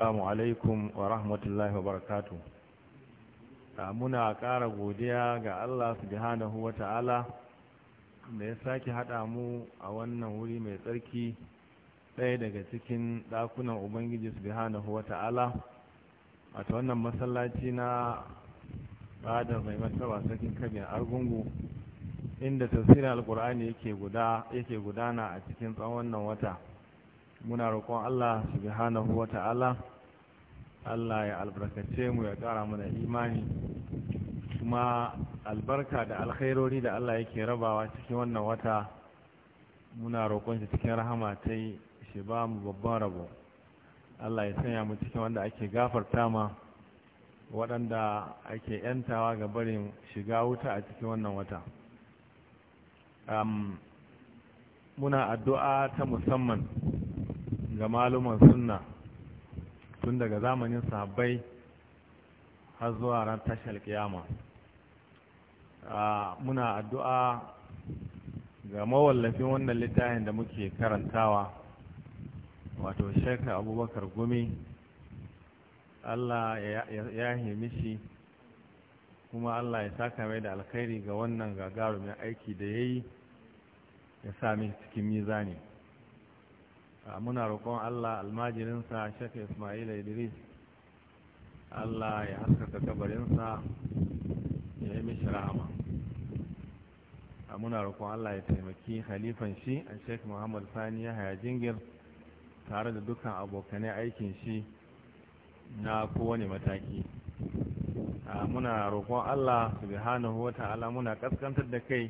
Assalamu alaikum wa rahmatullahi wa barakatu. Ah, muna ƙara godiya ga Allah subhanahu wa ta'ala da ya sake haɗa mu a wannan wuri mai tsarki ɗaya daga cikin ɗakunan Ubangiji subhanahu wa ta'ala. A ta wannan masallaci na da mai martaba sakin kabin argungu inda tafsirin alkur'ani yake gudana a cikin tsawon wannan wata. muna roƙon Allah subhanahu wa ta'ala Allah ya albarkace mu ya ƙara mana imani kuma albarka da alkhairori da Allah yake rabawa cikin wannan wata muna roƙon shi cikin rahama ta yi shi ba mu babban rabo Allah ya sanya mu cikin wanda ake gafarta ma waɗanda ake ‘yantawa ga barin shiga wuta a cikin wannan wata muna addu'a ta musamman ga malumin sunna tun daga zamanin sahabbai har zuwa ran tashar kiyama muna addu'a ga mawallafin wannan littafin da muke karantawa wato shekar abubakar gumi allah ya shi kuma allah ya saka mai da alkhairi ga wannan gagarumin aiki da ya yi ya sami cikin mizani Ah, muna roƙon Allah almajirinsa Sheikh Ismail Idris Allah ya haskaka kabarinsa ya yi mishi rahama ah, muna roƙon Allah ya taimaki halifan shi a Sheikh Muhammad Sani ya haya jingir tare da dukkan abokanai aikin shi na kowane mataki ah, muna roƙon Allah subhanahu wa ala muna kaskantar da kai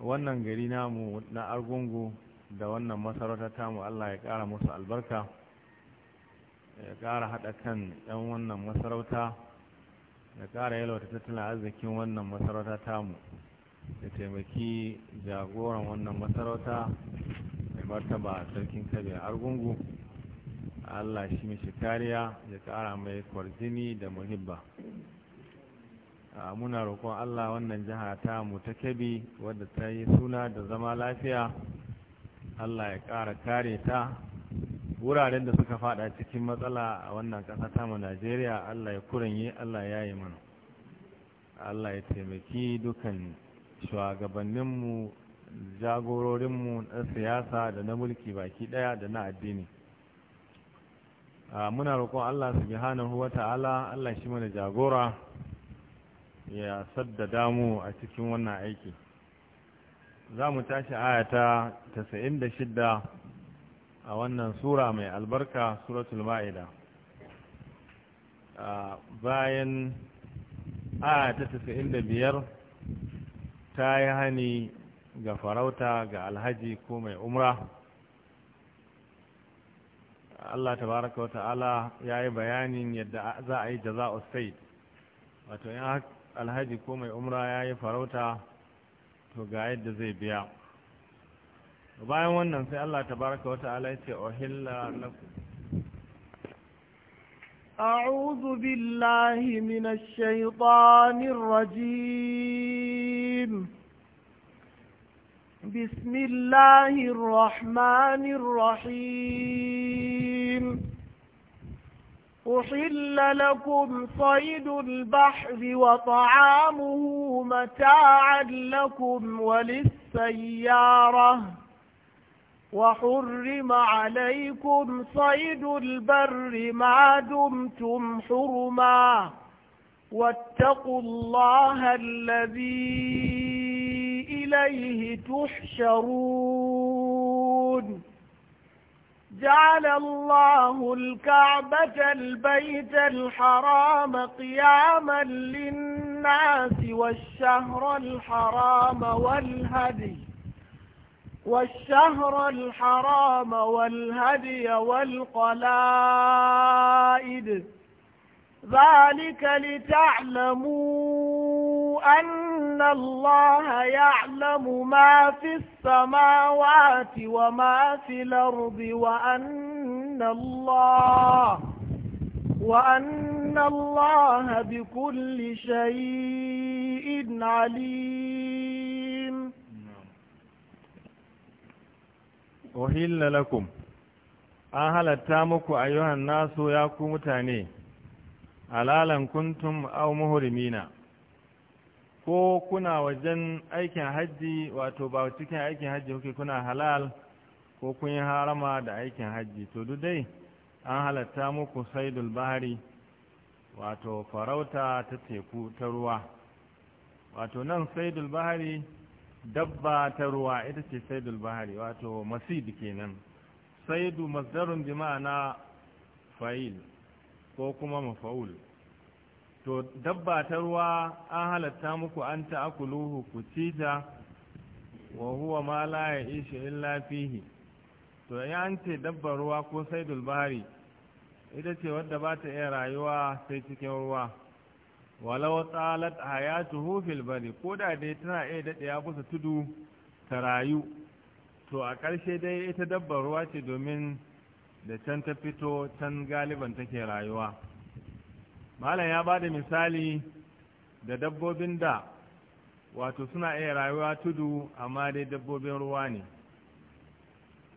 wannan gari namu na argungu da wannan masarauta ta mu Allah ya ƙara musu albarka ya ƙara haɗa kan 'yan wannan masarauta ya ƙara yalwata tattalin arzikin wannan masarauta ta mu. Da taimaki jagoran wannan masarauta mai martaba sarkin kabe argungu Allah shi mishi kariya ya ƙara mai kwarjini da muhibba muna roƙon Allah wannan jiha ta mu ta kebi wadda ta yi suna da zama lafiya Allah ya ƙara kare ta wuraren da suka fada cikin matsala a wannan ƙasa ta mu Najeriya Allah ya kurinye Allah ya yi mana Allah ya taimaki dukan shugabanninmu jagororinmu na siyasa da na mulki baki ɗaya da na addini muna roƙon Allah Su subhanahu wa ta'ala Allah shi mana jagora ya saddada mu a cikin wannan aiki za mu tashi ayata 96 a wannan sura mai albarka suratul ma'ida bayan ayata 95 ta yi hani ga farauta ga alhaji ko mai umra Allah tabaraka wata'ala ya yi bayanin yadda za a yi jaza'u said wato yin alhaji ko mai umra ya yi farauta to ga yadda zai biya bayan wannan sai Allah tabaraka wa ta'ala ya ce ohilla lakum أعوذ بالله من الشيطان الرجيم بسم الله الرحمن الرحيم أحل لكم صيد البحر وطعامه متاعا لكم وللسيارة وحرم عليكم صيد البر ما دمتم حرما واتقوا الله الذي إليه تحشرون جعل الله الكعبة البيت الحرام قياما للناس والشهر الحرام والهدي والشهر الحرام والهدي والقلائد ذلك لتعلمون أن الله يعلم ما في السماوات وما في الأرض وأن الله وأن الله بكل شيء عليم أهل لكم أهل التامك أيها الناس يا كمتاني ألالا كنتم أو مهرمين ko kuna wajen aikin hajji wato ba cikin aikin hajji kuke kuna halal ko kun yi harama da aikin hajji to duk dai an halatta muku saidul bahari wato farauta ta teku ta ruwa wato nan saidul bahari dabba ta ruwa ita ce saidul bahari wato masid kenan saidu masdarun bi na fa'il ko kuma mafa'ul to dabba ta ruwa an halatta muku an akuluhu ku ci ta wa huwa ma la ya'ishu illa fihi to ya an ce dabba ruwa ko saidul bahari ita ce wadda ba ta iya rayuwa sai cikin ruwa walau tsalat hayatuhu fil bari ko da dai tana iya daɗewa kusa tudu ta rayu to a ƙarshe dai ita dabba ruwa ce domin da can ta fito can galiban take rayuwa malam ya ba da misali da dabbobin da wato suna iya rayuwa tudu amma dai dabbobin ruwa ne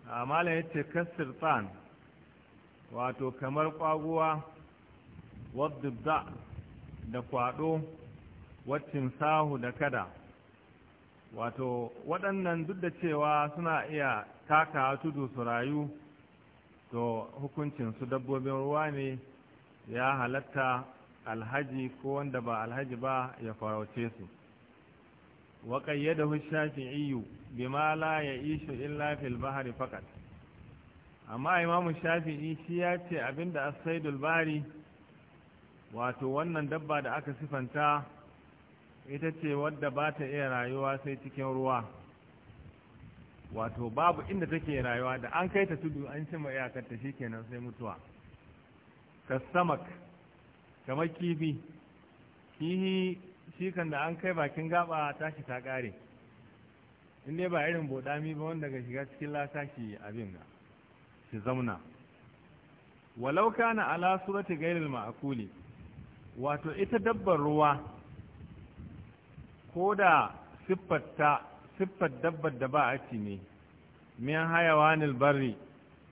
A ah, malam ya ce kasir tsan wato kamar kwaguwa wadda da kwado waccin sahu da kada wato waɗannan duk da cewa suna iya taka tudu su rayu to hukuncinsu dabbobin ruwa ne ya halatta alhaji ko wanda ba alhaji ba ya farauce su wa qayyadahu shafi'i bima la ya'ishu illa fil bahri faqat amma imamu shafi'i shi ya ce abinda as-saidul bari wato wannan dabba da aka sifanta ita ce wadda ba ta iya rayuwa sai cikin ruwa wato babu inda take rayuwa da an kai ta tudu an cima ta kenan sai mutuwa kasamak kamar kifi kihi shi da an kai bakin gaba tashi ta kare inda ba irin bodami ba wanda ga shiga cikin lasa shi abin ga shi zamna walau kana ala surati ghairil maakuli wato ita dabbar ruwa ko da siffarta siffar dabbar da ba a ci ne min hayawanil barri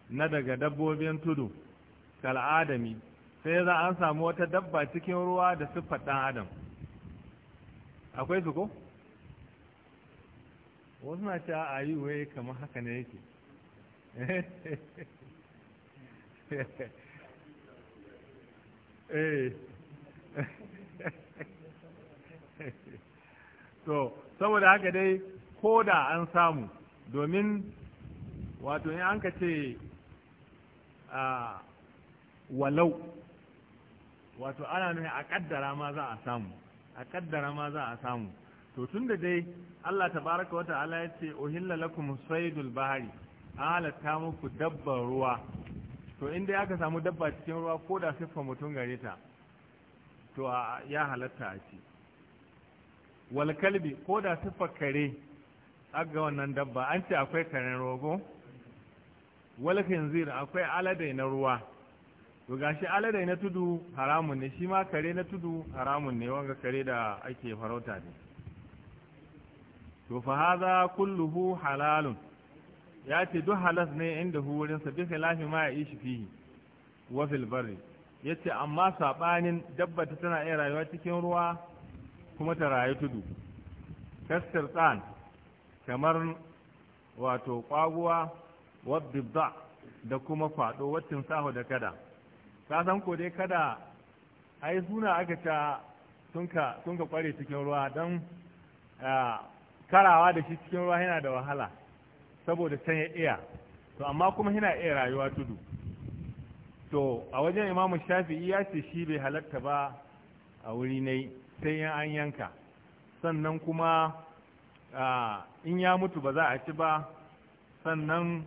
na daga dabbobin tudu kal'adami sai za an samu wata dabba cikin ruwa da siffar ɗan adam akwai su ko? wasu na ce a yi wai kamar haka ne yake to saboda haka dai ko da an samu domin wato in an ka ce walau wato ana ne a kaddara ma za a samu a kaddara ma za a samu to tun da dai Allah tabaaraka wa ta'ala ya ce uhilla lakum saydul bahri halatta muku dabbar ruwa to inda aka samu dabba cikin ruwa ko da siffa mutum gare ta to ya halatta a ci wal kalbi ko da siffa kare aga wannan dabba an ce akwai karen rogo wal khinzir akwai aladai na ruwa to gashi alade na tudu haramun ne shi ma kare na tudu haramun ne wanga kare da ake farauta ne to fa haza kulluhu halalun ya ce duk halas ne inda hurin sa bi khilafi ma ya ishi fihi wa fil barri yace amma sabanin dabba ta tana iya rayuwa cikin ruwa kuma ta rayu tudu kasir tsan kamar wato kwaguwa bidda da kuma fado wacin saho da kada ta san ko dai kada ai suna aka ta sun ka kware cikin ruwa don karawa da shi cikin ruwa yana da wahala saboda can ya iya to amma kuma yana iya rayuwa tudu to a wajen imamu shafi'i ya ce shi bai halatta ba a wuri ne sai yan an yanka sannan kuma in ya mutu ba za a ci ba sannan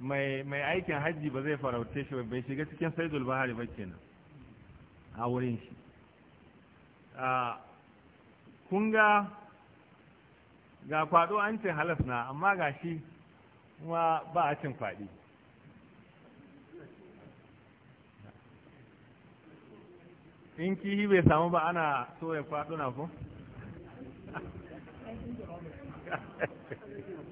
mai aikin hajji ba zai farauce shi bai shiga cikin saidul bahari ba kenan a wurin shi a ga ga kwado an ce halas na amma ga shi kuma ba a cin kwaɗi in kihi bai samu ba ana so ya kwado na ko?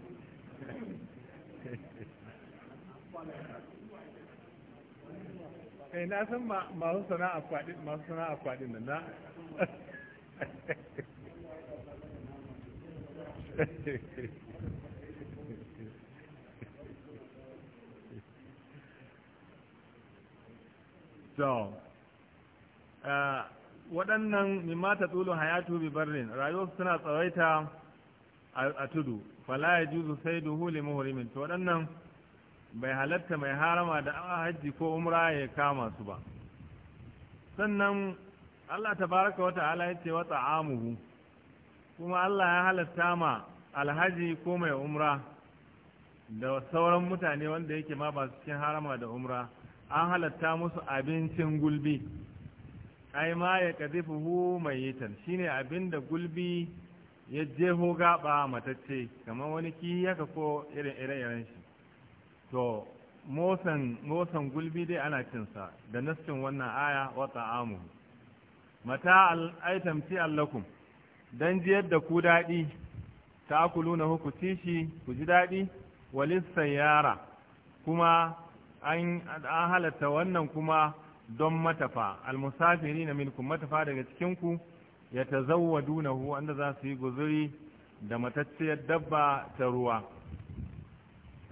eh na san masu sana'a kwadin masu sana'a kwadin nan na so eh, waɗannan mimata tsulun hayatu bi barrin rayuwar suna tsawaita a tudu fala ya juzu sai duhu limuhurimin to waɗannan bai halatta mai harama da hajji ko umra ya kama su ba sannan Allah ta baraka wata ala ya ce wata amuhu, kuma Allah ya halatta ma alhaji ko mai umra da sauran mutane wanda yake ma ba su cikin harama da umra an halatta musu abincin gulbi ai ma ya kazifuhu mai yitan ne abin da gulbi ya jeho gaba matacce kamar wani kiyaka ko irin ire-iren shi to motsan motsan gulbi dai ana cinsa da nassin wannan aya wa ta'amu mata al'aitam ti allakum dan ji yadda ku daɗi ta akuluna ku ci shi ku ji daɗi walis yara. kuma an halatta wannan kuma don matafa almusafiri na minkum matafa daga cikinku ya tazawwadunahu wanda za su yi guzuri da matacciyar dabba ta ruwa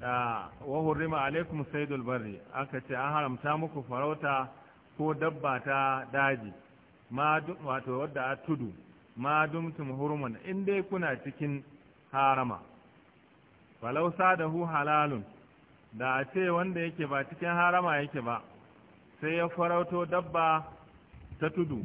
Ah, wa hurima alaikum saidul barri aka ce an haramta muku farauta ko dabba ta daji wato wadda a tudu ma dumtum hurman in dai kuna cikin harama falau sadahu halalun da a ce wanda yake ba cikin harama yake ba sai ya farauto dabba ta tudu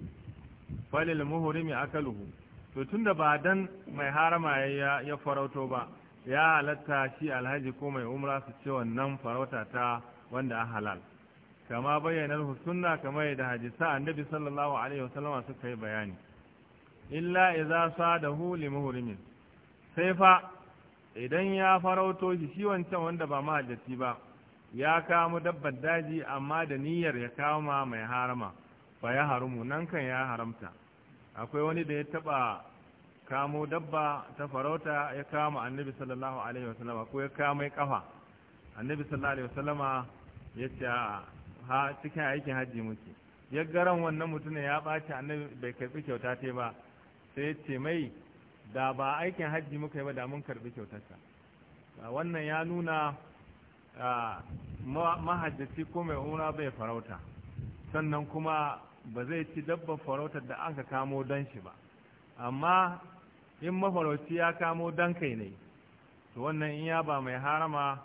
falil muhrimi akaluhu to tunda ba dan mai harama ya farauto ba ya halatta shi alhaji ko mai umra su ce wannan farauta ta wanda a halal kama bayyana sunna kama yadda hadisa annabi sallallahu alaihi wasallam suka yi bayani illa idza sadahu li muhrimin sai fa idan ya farauto shi shi wancan wanda ba mahajjaci ba ya kamo dabbar daji amma da niyyar ya kama mai harama fa ya harumu nan kan ya haramta akwai wani da ya taba kamo dabba ta farauta ya kama annabi sallallahu alaihi wasallama ko ya kama ya kafa annabi sallallahu alaihi wasallama ya ce ha cikin aikin hajji muke ya garan wannan mutumin ya ɓaci annabi bai karbi kyauta ta ba sai ya ce mai da ba aikin hajji muka yi ba da mun karɓi kyautarsa wannan ya nuna mahajjaci ko mai umra bai farauta sannan kuma ba zai ci dabba farautar da aka kamo don shi ba amma in mafarauci ya kamo dan kai ne to wannan in ya ba mai harama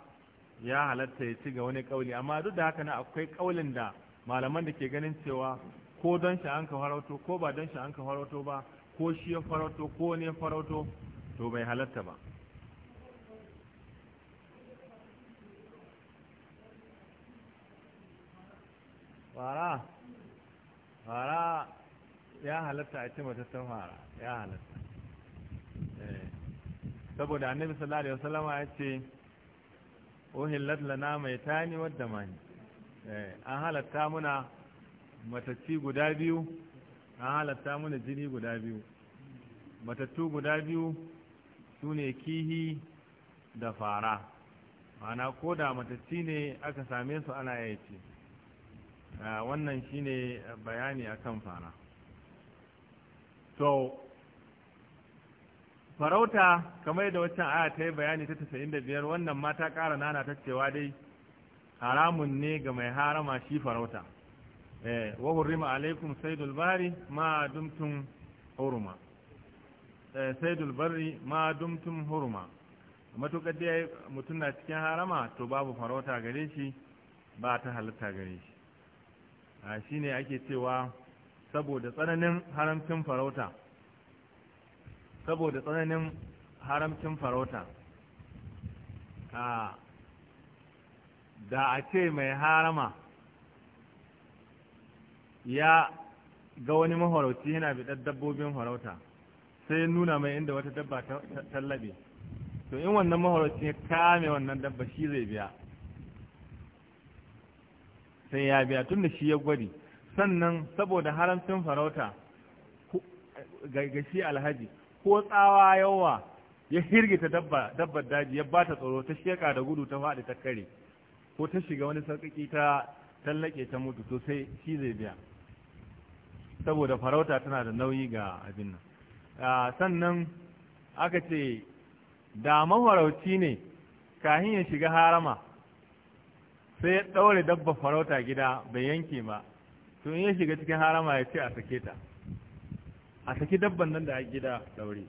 ya halatta ya ci ga wani kauli amma duk da haka na akwai kaulin da malaman da ke ganin cewa ko don shi an ka farauto ko ba don shi an ka farauto ba ko shi ya farauto ko ne farauto to bai halatta ba fara fara ya halatta a ce mata ta fara ya halatta saboda annabi sallallahu alaihi wasallama ya ce uhillat lana mai tani wadda mani eh, an halatta muna matacci guda biyu an halatta muna jini guda biyu matattu guda biyu su kihi da fara mana ko da matacci ne aka same su ana yace ah, wannan shine bayani akan fara to farauta kamar da waccan aya ta yi bayani ta 95 wannan mata ta ƙara nana ta cewa dai haramun ne ga mai harama shi farauta eh, wahun rima alaikum saidul bari ma dumtum huruma eh, saidul bari ma dumtum huruma matuƙar da mutum na cikin harama to babu farauta gare shi ba ta halitta gare shi a ah, shine ake cewa saboda tsananin haramcin farauta saboda tsananin haramcin farauta da a ce mai harama ya ga wani mahorauci yana bidar dabbobin farauta sai nuna mai inda wata dabba ta tallabe to in wannan mahorauci ya kame wannan dabba shi zai biya sai ya biya tun da shi ya gwari sannan saboda haramcin farauta ga shi alhaji ko tsawa yawa ya hirgita dabbar daji ya bata tsoro ta sheka da gudu ta faɗi ta kare ko ta shiga wani sarƙaƙi ta tallake ta mutu to sai shi zai biya saboda farauta tana da nauyi ga abin nan ah, sannan aka ce da mafarauci ne kahin ya shiga harama sai ya ɗaure dabba farauta gida bai yanke ba to in ya shiga cikin harama ya ce a sake ta a saki dabban nan da gida daure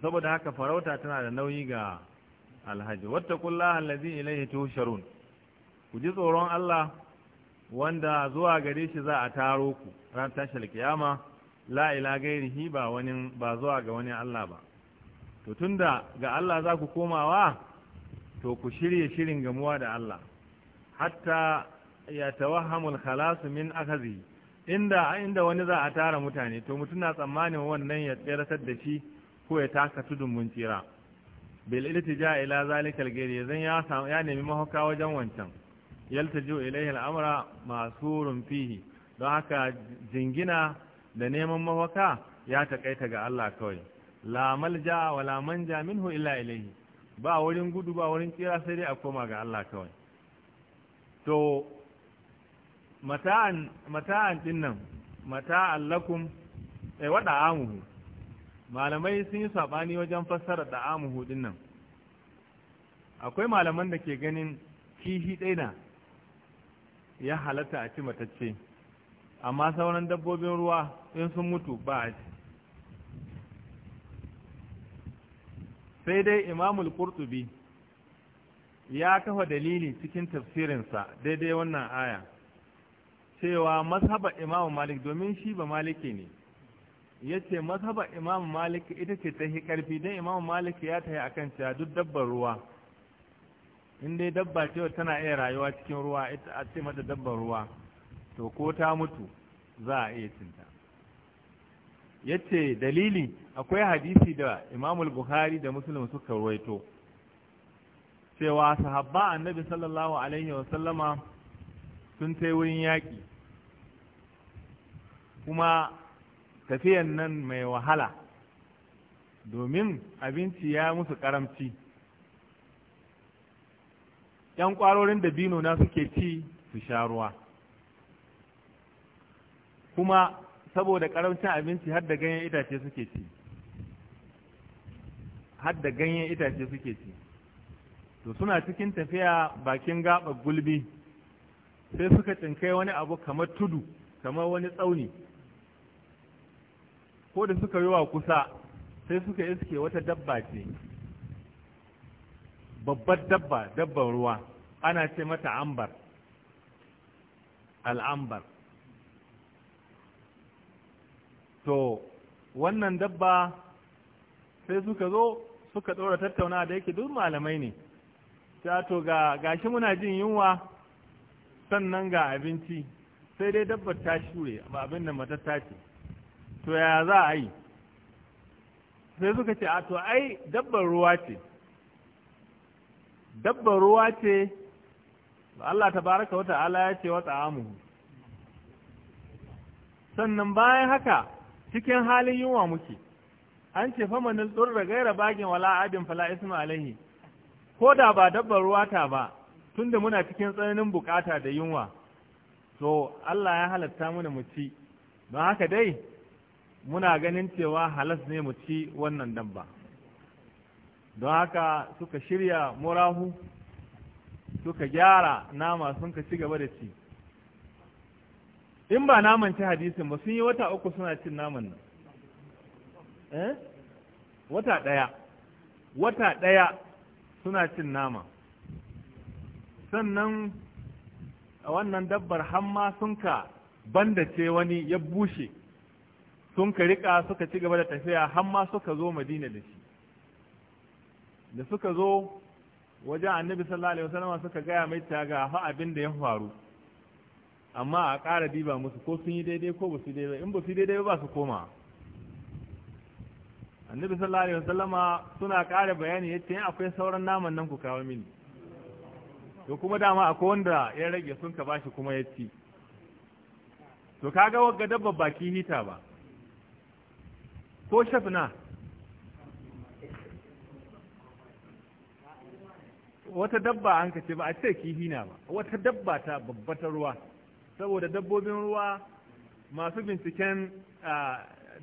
saboda haka farauta tana da nauyi ga alhaji wattaqullaha allazi ilayhi tusharun ku ji tsoron Allah wanda zuwa gare shi za a taro ku ran tashal kiyama la ila gairihi ba wani ba zuwa ga wani Allah ba to tunda ga Allah za ku komawa to ku shirye shirin gamuwa da Allah hatta ya tawahhamul khalas min akhazi inda inda wani za a tara mutane to mutum na tsammanin wannan ya tsirasar da shi ko ya taka tudun mun tsira bil iltija ila zalikal gari zan ya samu ya nemi mahauka wajen wancan yaltaju ilaihi al'amra masurun fihi don haka jingina da neman mahauka ya takaita ga Allah kawai la malja wa la manja minhu illa ilaihi ba wurin gudu ba wurin tsira sai dai a koma ga Allah kawai to mata'an mata'an dinnan mata'an lakum eh wa da'amuhu malamai sun yi sabani wajen fassara da'amuhu dinnan akwai malaman da ke ganin kihi daina ya halatta a ci matacce amma sauran dabbobin ruwa in sun mutu ba a ci sai dai imamul qurtubi ya kafa dalili cikin tafsirinsa daidai wannan aya cewa mazhaba imamu malik domin shi ba maliki ne ya ce mazhaba imamu malik ita ce ta karfi don imamu malik ya ta yi a kan cewa duk dabbar ruwa inda dabba cewa tana iya rayuwa cikin ruwa ita a ce mata dabbar ruwa to ko ta mutu za a iya cinta ya ce dalili akwai hadisi da imamul buhari da musulun suka ruwaito cewa sahabba annabi sallallahu alaihi wasallama sun sai wurin yaƙi kuma tafiyan nan mai wahala domin abinci ya musu karamci ‘yan ƙwarorin da Bino na suke ci su sha ruwa kuma saboda karamcin abinci har da ganyen itace suke ci har da ganyen itace suke ci to suna cikin tafiya bakin gaɓar gulbi sai suka tsinkai wani abu kamar tudu kamar wani tsauni ko da suka yi wa kusa sai suka iske wata dabba ce babbar dabba dabban ruwa ana ce mata ambar al'ambar to wannan dabba sai suka zo suka ɗora tattauna da yake duk malamai ne ta to ga gashi muna jin yunwa sannan ga abinci sai dai dabbar ta shure ba abin da mata ta ce to ya za a yi sai suka ce a to ai dabbar ruwa ce dabbar ruwa ce Allah ta baraka wata ala ya ce wata amu sannan bayan haka cikin halin yunwa muke an ce fama nil da gaira bagin wala adin fala alaihi ko da ba dabbar ruwa ta ba tunda muna cikin tsananin bukata da yunwa to Allah ya halatta mana mu ci don haka dai muna ganin cewa halas ne mu ci wannan dabba don haka suka shirya murahu suka gyara nama sun ka ci gaba da ci in ba naman ci hadisin ba sun yi wata uku suna cin naman nan eh wata daya wata ɗaya suna cin nama sannan wannan dabbar hamma sun ka ce wani ya bushe sun ka rika suka ci gaba da tafiya hamma suka zo madina da shi da suka zo wajen annabi sallallahu alaihi wasallam suka gaya mai ta ga fa abin da ya faru amma a ƙara diba musu ko sun yi daidai ko ba su daidai in ba su daidai ba su koma annabi sallallahu alaihi wasallama suna ƙara bayani yace akwai sauran naman nan ku kawo mini to kuma dama akwai wanda ya rage sun ka bashi kuma ya ci to kaga wagga dabba baki hita ba ko shafna wata dabba an ka ce ba a ce kihina ba wata dabba ta babbata ruwa saboda dabbobin ruwa masu binciken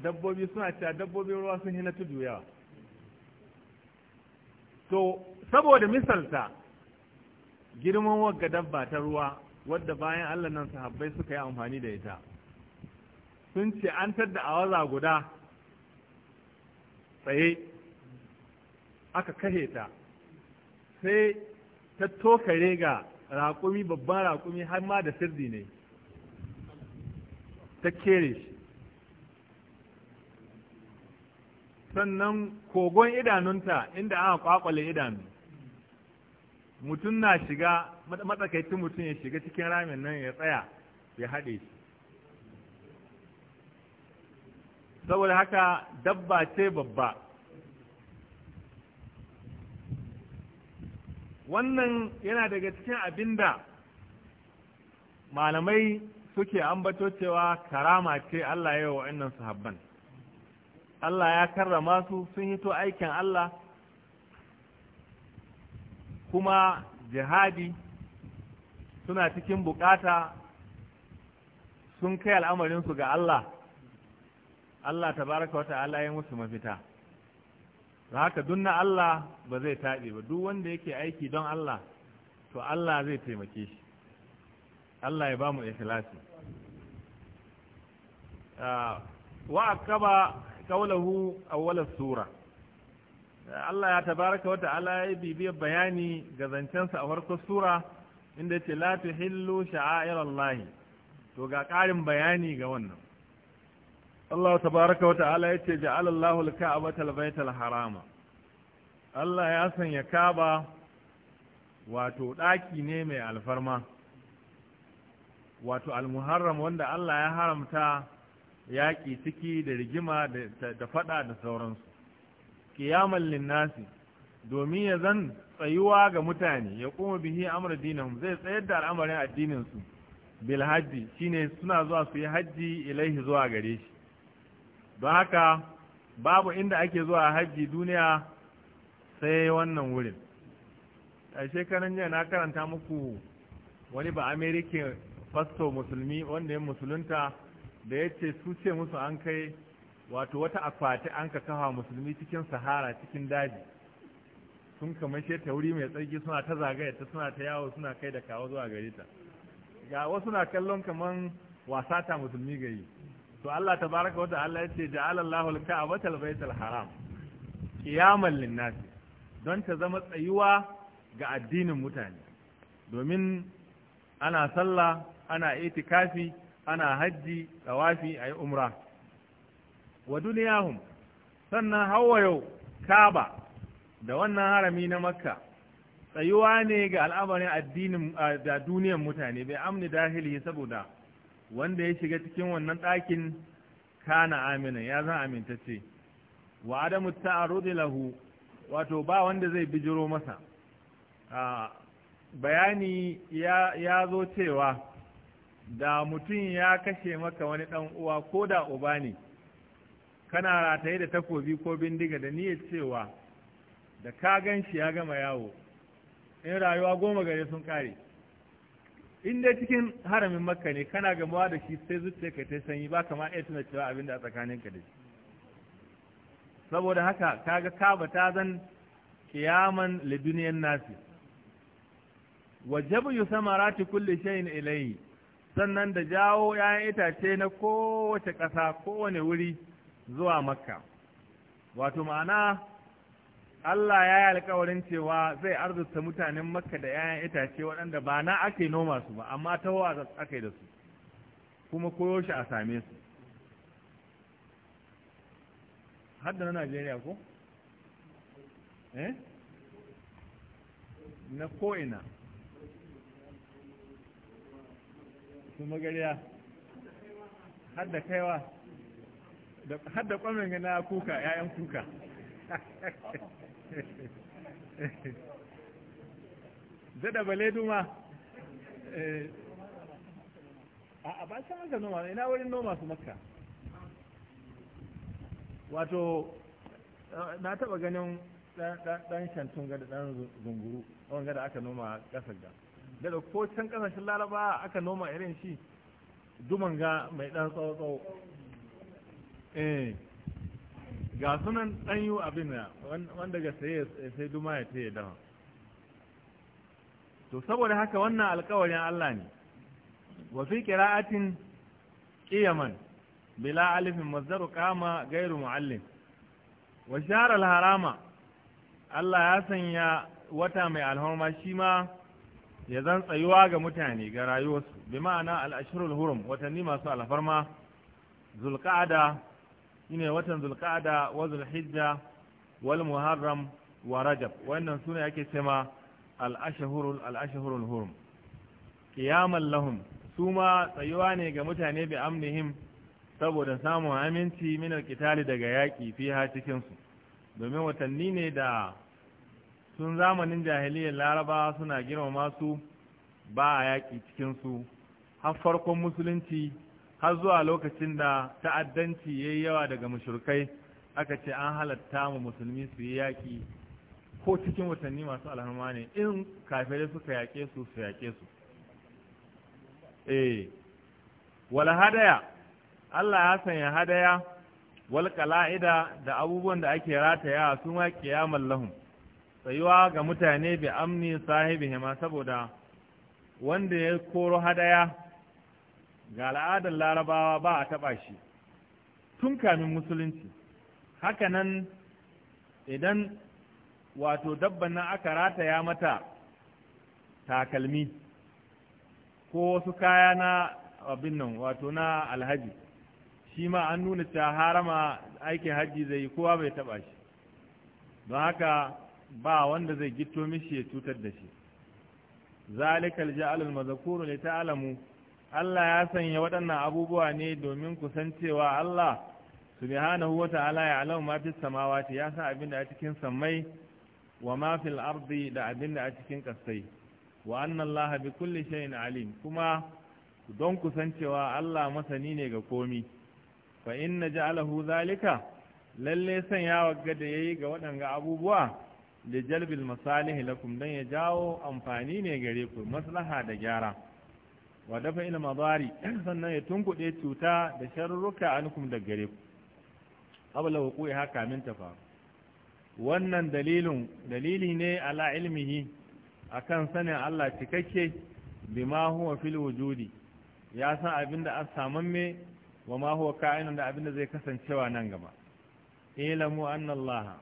dabbobi suna cewa dabbobin ruwa sun hina tudu yawa to saboda misalta girman wagga dabba ta ruwa wadda bayan Allah nan sahabbai suka yi amfani da ita sun ce an tadda a waza guda tsaye aka kahe ta sai ta tokare ga raƙumi babban raƙumi har ma da sirdi ne ta kere shi sannan kogon idanunta inda aka kwakwale idanu mutum na shiga matsakaicin mutum ya shiga cikin ramin nan ya tsaya ya haɗe shi saboda haka dabba ce babba wannan yana daga cikin abinda malamai suke ambato cewa karama ce Allah ya yi wa sahabban Allah ya karrama su sun hito aikin Allah kuma jihadi suna cikin bukata sun kai al'amarinsu ga Allah Allah tabaraka wa ta'ala ya musu mafita haka na Allah ba zai taɓe ba duk wanda yake aiki don Allah to Allah zai taimake shi Allah ya ba mu ikhlasi ah, wa akaba kaulahu awwalas sura Allah ya tabaraka wa ta'ala ya bibiyar bayani ga zancen zancensa a farko sura inda ce la tuhillu sha'airallahi to ga ƙarin bayani ga wannan Allah tabaraka wa ta'ala ya ce ja'alallahu al al baital harama Allah ya sanya kaba, wato ɗaki ne mai alfarma wato al-muharram wanda Allah ya haramta yaƙi ciki da rigima da faɗa da sauransu kiyaman linnasi domin ya zan tsayuwa ga mutane ya kuma bihi amur dinahum zai tsayar da al'amarin addinin su bil hajji shine suna zuwa su yi hajji ilaihi zuwa gare shi don haka babu inda ake zuwa hajji duniya sai wannan wurin a shekaran jiya na karanta muku wani ba american fasto musulmi wanda ya musulunta da ya ce su ce musu an kai wato wata akwati an ka kafa musulmi cikin sahara cikin daji sun kamashe ta wuri mai tsarki suna ta zagaya ta suna ta yawo suna kai da kawo zuwa gare ta ga wasu na kallon kaman wasa ta musulmi gari to Allah tabaraka wa ta'ala yace ja'ala Allahu al-ka'bata al baytul haram qiyaman lin don ta zama tsayuwa ga addinin mutane domin ana sallah ana itikafi ana hajji tawafi ayi umra wa duniyahum sannan yau kaba da wannan harami na makka tsayuwa ne ga al'amarin addinin da duniyar mutane bai amni dahili saboda wanda ya shiga cikin wannan ɗakin kana amina ya zan amintacce wa adamu ta'arudi lahu wato ba wanda zai bijiro masa bayani ya zo cewa da mutum ya kashe maka wani ɗan uwa ko da uba ne kana rataye da takobi ko bindiga da niyyar cewa da ka gan shi ya gama yawo in rayuwa goma gare sun kare in dai cikin haramin makka ne kana gamawa da shi sai zuce ka ta sanyi ba kama iya tuna cewa abin da a tsakaninka da shi saboda haka kaga kaba ta zan kiyaman liduniyan nasi wajabu yusamarati kulli shay'in ilayhi sannan da jawo 'ya'yan itace na kowace ƙasa kowane wuri zuwa makka wato ma'ana Allah ya yi alkawarin cewa zai arzuta mutanen makka da 'ya'yan itace waɗanda ba na ake noma su ba amma ta wa aka yi da su kuma koyo shi a same su hadda na Najeriya ko? eh? na ko'ina su magariya hadda kaiwa har da kwamin na kuka yayan kuka zada bale duma eh, a ba san aka noma ina wurin noma su makka wato eh, na taba ganin dan shantun ga da dan zunguru wanga da aka noma kasar da daga ko can kasashen laraba aka noma irin shi duman ga mai dan tsawo tsawo Eh, ga sunan ɗanyu abin da wanda ga sai sai duma ya taya dawa to saboda haka wannan alkawarin Allah ne wa fi qira'atin qiyaman bila alifin mazdaru qama ghairu muallim wa shara al-harama Allah ya sanya wata mai alhorma shi ma ya zan tsayuwa ga mutane ga rayuwarsu bi ma'ana al-ashrul hurum watanni masu alfarma zulqa'ada shine watan zulqa'da wa zulhijja wal muharram wa rajab wannan sune ake cewa al ashhurul al ashhurul hurum qiyaman lahum suma tsayuwa ne ga mutane bi amnihim saboda samun aminci min alqitali daga yaki fiha cikin su domin watanni ne da sun zamanin jahiliyar laraba suna girmama su ba a cikin su har farkon musulunci har zuwa lokacin da ta'addanci yayi yawa daga mushrikai aka ce an halatta mu musulmi su yi yaki ko cikin watanni masu alharma ne in kafirai suka yaƙe su su yaƙe su eh wala hadaya Allah ya sanya hadaya wal qala'ida da abubuwan da ake rataya su ma kiyamal lahum tsayuwa ga mutane bi amni sahibihima saboda wanda ya koro hadaya ga al'adar larabawa ba a taɓa shi tun kamin musulunci Haka nan idan wato dabban nan aka rataya mata takalmi ko wasu kaya na abin nan wato na alhaji shi ma an nuna ta harama aikin hajji zai yi kowa bai taɓa shi don haka ba wanda zai gito mishi ya cutar da shi zalikal ja'alul ne li ta'lamu Allah ya sanya waɗannan abubuwa ne domin kusancewa Allah subhanahu wa ta'ala ya alamu ma fi samawati ya sa abin a cikin sammai wa mafi fil da abin da a cikin kasai wa anna Allah bi kulli shay'in alim kuma don kusancewa Allah masani ne ga komi fa inna ja'alahu zalika lalle sanyawa wagga da yayi ga waɗanga abubuwa da jalbil masalih lakum dan ya jawo amfani ne gare ku maslaha da gyara wa dafa ila mabari sannan ya tunkuɗe cuta da sharruka ankum da gare ku abla hukuki haka min ta wannan dalilin dalili ne ala ilmihi akan sanin Allah cikakke bima huwa fil wujudi ya san abinda an me wa ma huwa ka'inan da abinda zai kasancewa nan gaba ilamu anna Allah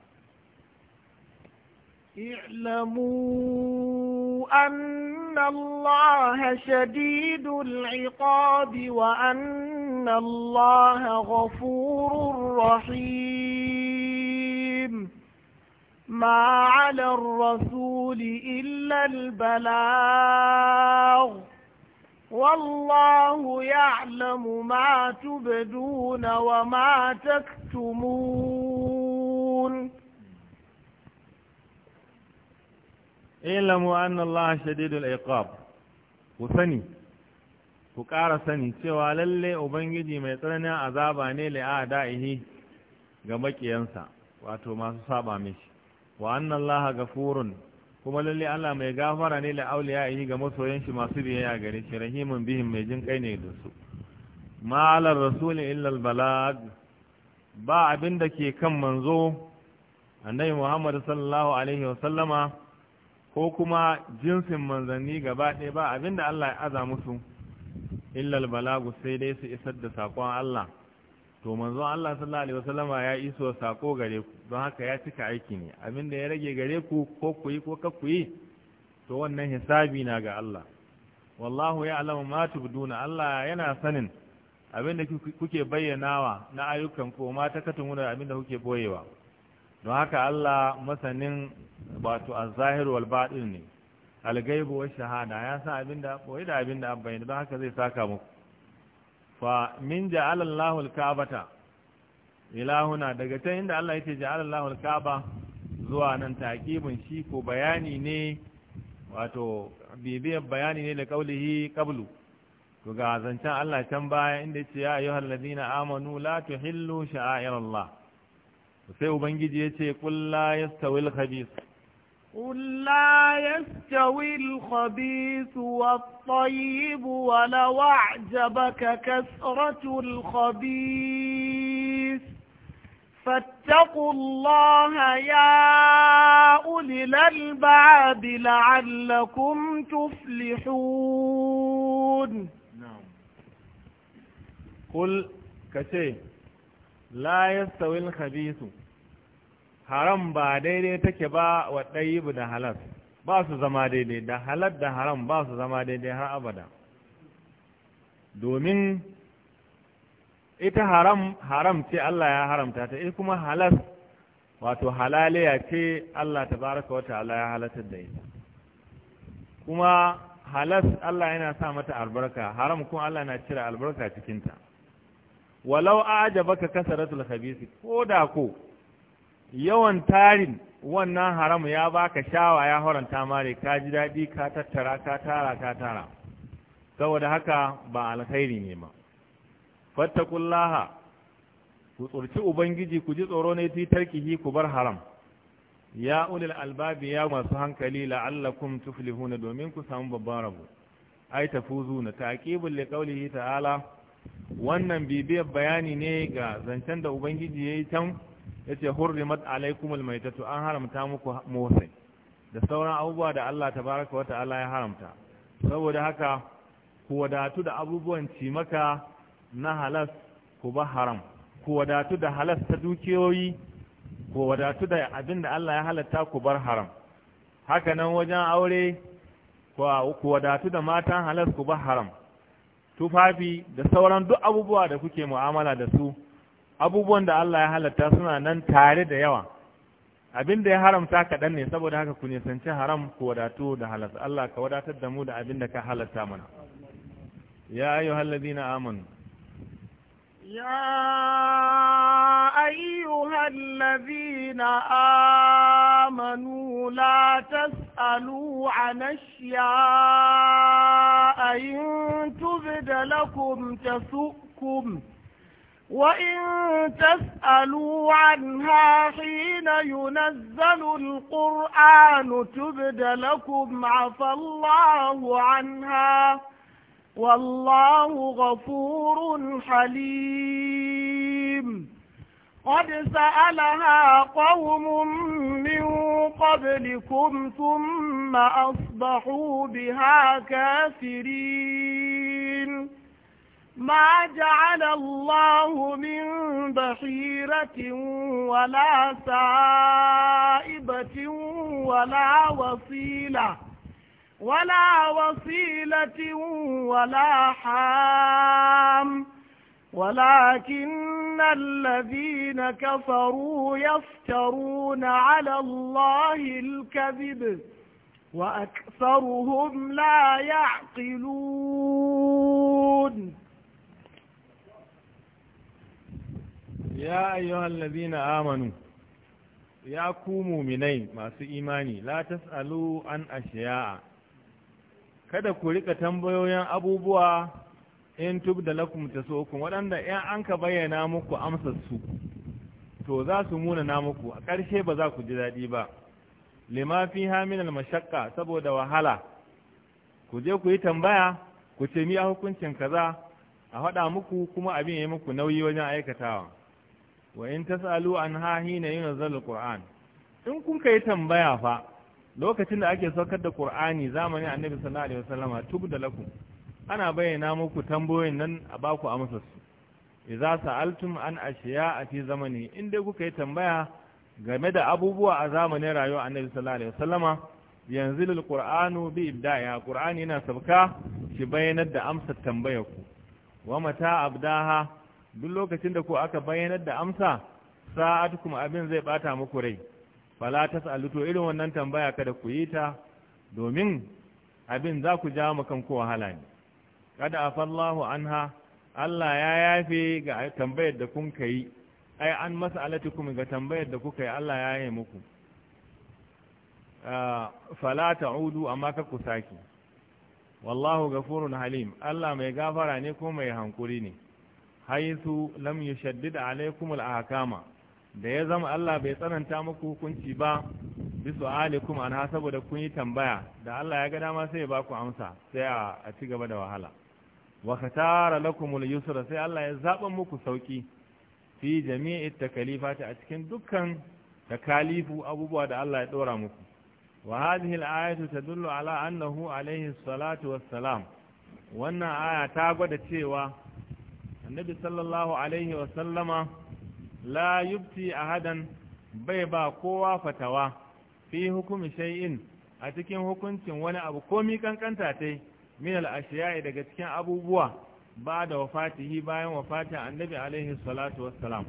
اعلموا أن الله شديد العقاب وأن الله غفور رحيم ما على الرسول إلا البلاغ والله يعلم ما تبدون وما تكتمون ilamu anna Allah shadidul iqab ku sani ku ƙara sani cewa lalle ubangiji mai tsananin azaba ne li'ada'ihi ga makiyansa wato masu saba mishi wa anna Allah gafurun kuma lalle Allah mai gafara ne li'auliya'ihi ga masoyan shi masu biyayya gare shi rahimun bihim mai jin kai ne da su ma ala rasul illa al balag ba abin da ke kan manzo annabi Muhammad sallallahu alaihi wa sallama ko kuma jinsin manzanni gaba ɗaya ba abin da Allah ya aza musu illal balagu sai dai su isar da sakon Allah to manzon Allah sallallahu alaihi wasallama ya iso sako gare ku don haka ya cika aiki ne Abin da ya rage gare ku ko ku yi ko ka ku yi to wannan hisabi na ga Allah wallahu ya alamu ma tubduna Allah yana sanin abin da kuke bayyanawa na ayyukan ko ma takatun da kuke boyewa don haka Allah masanin wato az-zahir wal batin ne al-ghaibu wa shahada ya sa abinda koyi da abinda an bayyana don haka zai saka muku fa min ja'ala al-ka'bata ilahuna daga ta inda Allah yake ja'ala al-ka'ba zuwa nan taqibun shi ko bayani ne wato bibiyar bayani ne da kaulihi qablu to ga zancen Allah can baya inda yace ya ayyuhal ladina amanu la tuhillu sha'a'irallahi sai ubangiji ya ce kulla ya stawil khabis kulla ya stawil khabis wa tsayib wa lawa'jabaka kasratul khabis فاتقوا الله يا أولي الألباب لعلكم تفلحون نعم قل كشيء لا يستوي الخبيث haram ba daidai take ba wa ɗayibu da halar ba su zama daidai da halar da haram ba su zama daidai har abada domin ita haram haram ce Allah ya haramta ta ita kuma halas wato halaliya ce Allah baraka wata allah ya halatar da ita kuma halas Allah yana sa mata albarka haram kuma Allah na cire albarka cikinta walau a'jabaka kasaratul habisi ko da ko yawan tarin wannan haramu ya baka shawa ya horanta mare ka ji daɗi ka tattara ka tara ka tara saboda haka ba alkhairi ne ba. fattakullaha ku tsorci ubangiji ku ji tsoro ne ti tarkihi ku bar haram ya ulil albabi ya masu hankali la'allakum tuflihuna domin ku samu babban rabo ai na taqibul liqaulihi ta'ala wannan bibiyar bayani ne ga zancen da ubangiji yayi can yace hurrimat alaikumul maitatu an haramta muku motsi da sauran abubuwa da Allah tabaraka wa ta'ala ya haramta saboda haka ku wadatu da abubuwan cimaka na halas ku ba haram ku wadatu da halas ta dukiyoyi ku wadatu da abin da Allah ya halatta ku bar haram haka nan wajen aure ku wadatu da matan halas ku ba haram tufafi da sauran duk abubuwa da kuke mu'amala da su abubuwan da Allah ya halatta suna nan tare da yawa abin da ya haramta kaɗan ne saboda haka ku nisanci haram ku wadato da halatta Allah ka wadatar da mu da abin da ka halatta mana ya ayyuhal ladina amanu ya ayyuhal ladina amanu la tas'alu an ashya'a in tubda lakum tasukum وإن تسألوا عنها حين ينزل القرآن تبد لكم عفى الله عنها والله غفور حليم قد سألها قوم من قبلكم ثم أصبحوا بها كافرين ما جعل الله من بحيرة ولا سائبة ولا وصيلة ولا وصيلة ولا حام ولكن الذين كفروا يفترون على الله الكذب وأكثرهم لا يعقلون ya ayyuhal ladina amanu ya ku muminai masu imani la tas'alu an ashiya'a kada ku rika tambayoyin abubuwa in tubda lakum ku waɗanda yan an ka bayyana muku amsar su to za su muna na muku a ƙarshe ba za ku ji daɗi ba Limafi, Hamina haminal mashakka saboda wahala ku je ku yi tambaya ku ce mi a hukuncin kaza a faɗa muku kuma abin ya yi muku nauyi wajen aikatawa wa in tasalu an ha hina yunzal Qur'an in kun kai tambaya fa lokacin da ake saukar da qur'ani zamani annabi sallallahu alaihi wasallama da lakum ana bayyana muku tambayoyin nan a baku amsa su idza sa'altum an ashiya fi zamani in dai kuka yi tambaya game da abubuwa a zamanin rayuwa annabi sallallahu alaihi wasallama yanzu alqur'anu bi ibda'iha qur'ani yana sabka shi bayyanar da amsa tambayar ku wa mata abdaha duk lokacin da ku aka bayyanar da amsa sa'atukum abin zai bata muku rai fala tasalu to irin wannan tambaya kada ku yi ta domin abin za ku ja mu kanku wahala ne kada afallahu anha Allah ya yafe ga tambayar da kun kai ai an mas'alatukum ga tambayar da kuka yi Allah ya yi muku ah, fala ta'udu amma ka ku saki wallahu ghafurun halim Allah mai gafara ne ko mai hankuri ne haisu lam yushaddid alaikum al'ahkama da ya zama Allah bai tsananta muku hukunci ba bisu alikum ha saboda kun yi tambaya da Allah ya ga dama sai ba baku amsa sai a ci gaba da wahala wa khatara lakumul yusra sai Allah ya zaba muku sauki fi jami'i takalifati a cikin dukkan takalifu abubuwa da Allah ya dora muku wa hadhihi al-ayatu tadullu ala annahu alayhi salatu wassalam wannan aya ta gwada cewa annabi sallallahu alaihi wasallama la yubti ahadan bai ba kowa fatawa fi hukumi shay'in a cikin hukuncin wani abu komi kankanta tai min al-ashiya'i daga cikin abubuwa ba da wafatihi bayan wafatin annabi alaihi salatu wassalam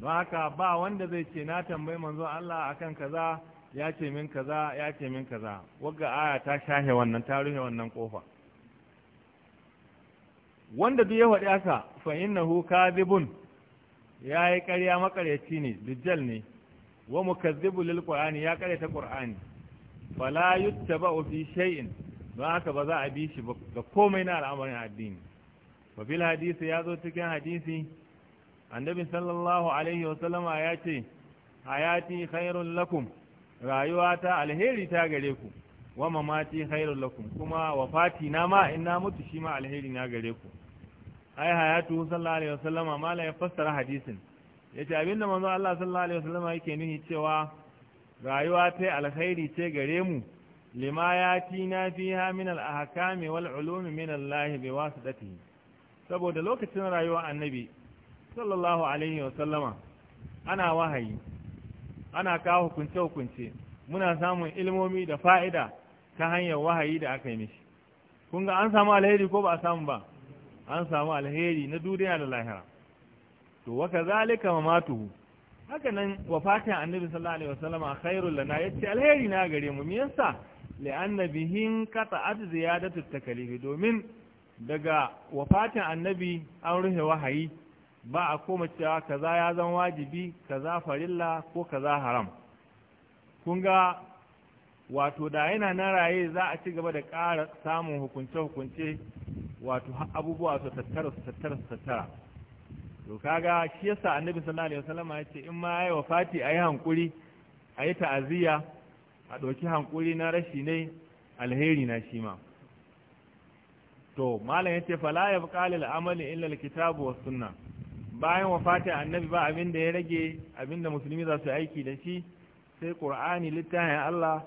don haka ba wanda zai ce na tambayi manzo Allah akan kaza ya ce min kaza ya ce min kaza wagga aya ta shahe wannan ta rufe wannan kofa wanda duk ya faɗi haka fa innahu kadhibun yi ƙarya makaryaci ne dujjal ne wa mukazzibu lil qur'ani ya ƙaryata qur'ani fala ba fi shay'in don haka ba za a bi shi ga komai na al'amarin addini wa bil hadisi ya zo cikin hadisi annabi sallallahu alaihi wa sallama ya ce hayati khairun lakum ta alheri ta gare ku wa mamati khairun lakum kuma wafati na ma in na mutu shi ma alheri na gare ku ai hayatu sallallahu alaihi wasallam mala ya fassara hadisin yace abinda manzo Allah sallallahu alaihi wasallam yake nuhi cewa rayuwa ta alkhairi ce gare mu lima na fiha min al-ahkami wal ulumi min Allah bi wasitatihi saboda lokacin rayuwa annabi sallallahu alaihi wasallama ana wahayi ana kawo hukunce hukunce muna samun ilmomi da fa'ida ta hanyar wahayi da aka yi mishi kun ga an samu alheri ko ba a samu ba an samu alheri na duniya da lahira to wa kazalika mamatuhu haka nan wafatin annabi sallallahu alaihi wasallam khairul lana yace alheri na gare mu me yasa li'anna bihin qata'at ziyadatu takalifi domin daga wafatin annabi an ruhe wahayi ba a koma cewa kaza ya zama wajibi kaza farilla ko kaza haram kun ga wato da yana na raye za a ci gaba da ƙara samun hukunce-hukunce wato abubuwa su tattara su tattara su tattara to kaga shi yasa annabi sallallahu alaihi wasallam ya ce in ma yayi wafati ayi hankuri ayi ta'aziyya a ɗauki hankuri na rashi ne alheri na shi ma to malam yace fala yabqa lil amali illa al kitabu was sunnah bayan wafatin annabi ba abin da ya rage abin da musulmi za su aiki da shi sai qur'ani littafin Allah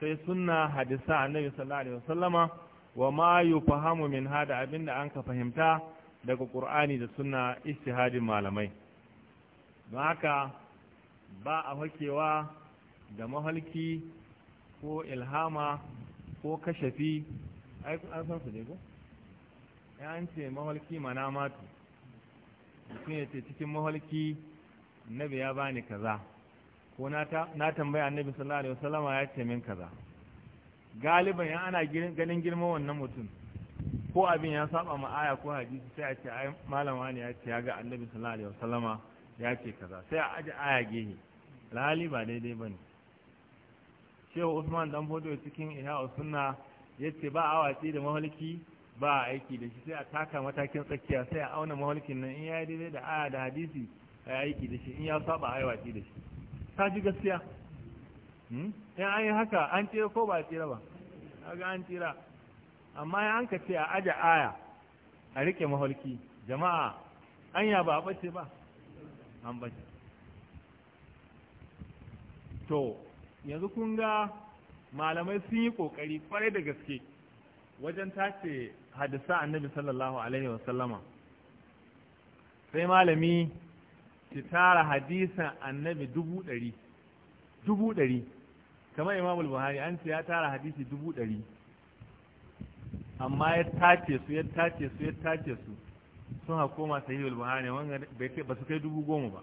sai sunna hadisa annabi sallallahu alaihi wasallama wa ma yufahamu min hada abinda an ka fahimta daga qur'ani da sunna ijtihadin malamai don haka ba a hakewa da mahalki ko ilhama ko kashafi ai an san su yan ce mahalki matu mutum ya ce cikin mahalki Nabi ya bani kaza ko na tambaya annabi sallallahu alaihi wasallam ya ce min kaza galiban yan ana ganin girma wannan mutum ko abin ya saba ma aya ko hadisi sai a ce ai malama ne ya ce ya ga annabi sallallahu alaihi wasallam ya ce kaza sai a aje aya gehe lali ba daidai bane shehu usman dan fodo cikin ihya sunna yace ba awaki da mahalki ba aiki da shi sai a taka matakin tsakiya sai a auna mahalkin nan in ya daidai da aya da hadisi a aiki da shi in ya saba a da shi ta ji gaskiya hmm? in an yi haka an tsira ko ba a tsira ba ga an tsira amma ya hanka ce a aja aya a rike maholki jama'a anya ba a bace ba an bace to yanzu kun ga malamai sun yi kokari kwarai da gaske wajen tace hadisa annabi sallallahu alaihi wasallama sai malami ki tara hadisan annabi dubu ɗari dubu ɗari kamar imamul buhari an ce ya tara hadisi dubu ɗari amma ya tace su ya tace su ya tace su sun hakoma sahihul buhari wanga ba su kai dubu goma ba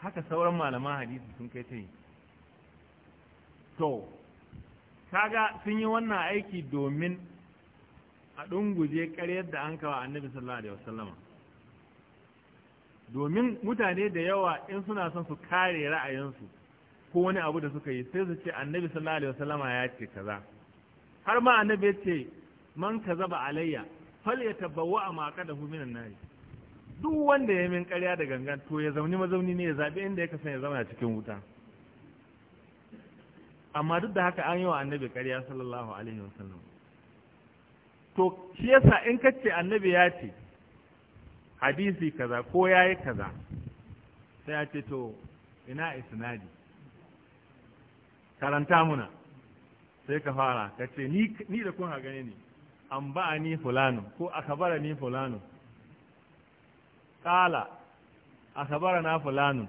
haka sauran malaman hadisi sun kai ta yi to kaga sun yi wannan aiki domin a ɗunguje ƙaryar da an kawa annabi sallallahu alaihi wasallam domin mutane da yawa in suna son su kare ra'ayinsu ko wani abu da suka yi sai su ce annabi sallallahu alaihi wasallam ya ce kaza har ma annabi ya ce man ba alayya fal yatabawwa ma qadahu minan nari duk wanda ya min ƙarya da gangan to ya zauni mazauni ne ya zabi inda ya kasance ya zauna cikin wuta amma duk da haka an yi wa annabi ƙarya sallallahu alaihi wasallam to shi yasa in kace annabi ya ce hadisi kaza ko yayi kaza sai ya ce to ina isnadi karanta muna sai ka fara ka ce ni da kun gane ne an ba'a ni fulano ko akabara ni fulano kala akabara na fulano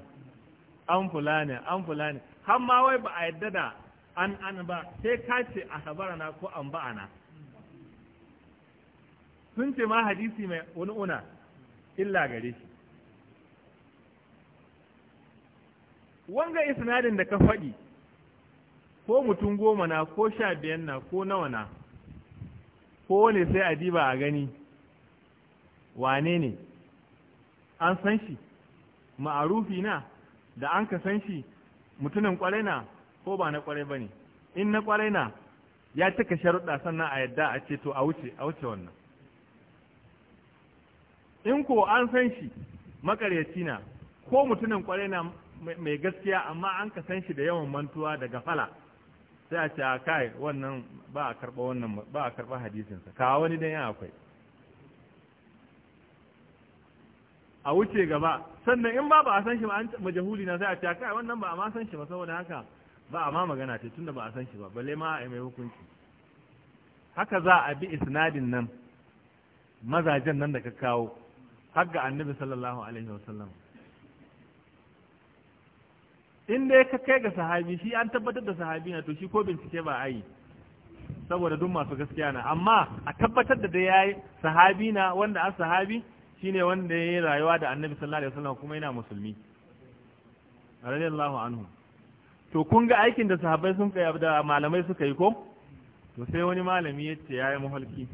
an fulani an fulani har ma wai ba a yadda da an an ba sai ka ce akabara na ko an ba'a na sun ce ma hadisi mai wani una illa gare shi wanga isnadin da ka faɗi ko mutum goma na ko sha biyan na ko nawa na ko wani sai a a gani wane ne an san shi ma'arufi na da an ka san shi mutumin kwarai na ko ba na kwarai ba ne in na kwarai na ya cika sharuɗa sannan a yadda a ce to a wuce wannan in ko an san shi makaryaci na ko mutumin kwarai na mai gaskiya amma an ka san shi da yawan mantuwa daga fala, sai a ce a kai wannan ba a karba wannan ba a karba hadisinsa kawo wani dan ya akwai a wuce gaba sannan in ba ba a san shi ba an majahuli na sai a ce a kai wannan ba a ma san shi ba saboda haka ba a ma magana ce tunda ba a san shi ba balle ma a mai hukunci haka za a bi isnadin nan mazajen nan da ka kawo har ga annabi sallallahu alaihi wasallam in dai ka kai ga sahabi shi an tabbatar da sahabi na to shi ko bincike ba a yi saboda duk masu gaskiya na amma a tabbatar da dai yayi sahabi na wanda an sahabi shine wanda ya yi rayuwa da annabi sallallahu alaihi wasallam kuma yana musulmi radiyallahu anhu to kun ga aikin da sahabbai sun kai da malamai suka yi ko to sai wani malami ya ce yayi muhalki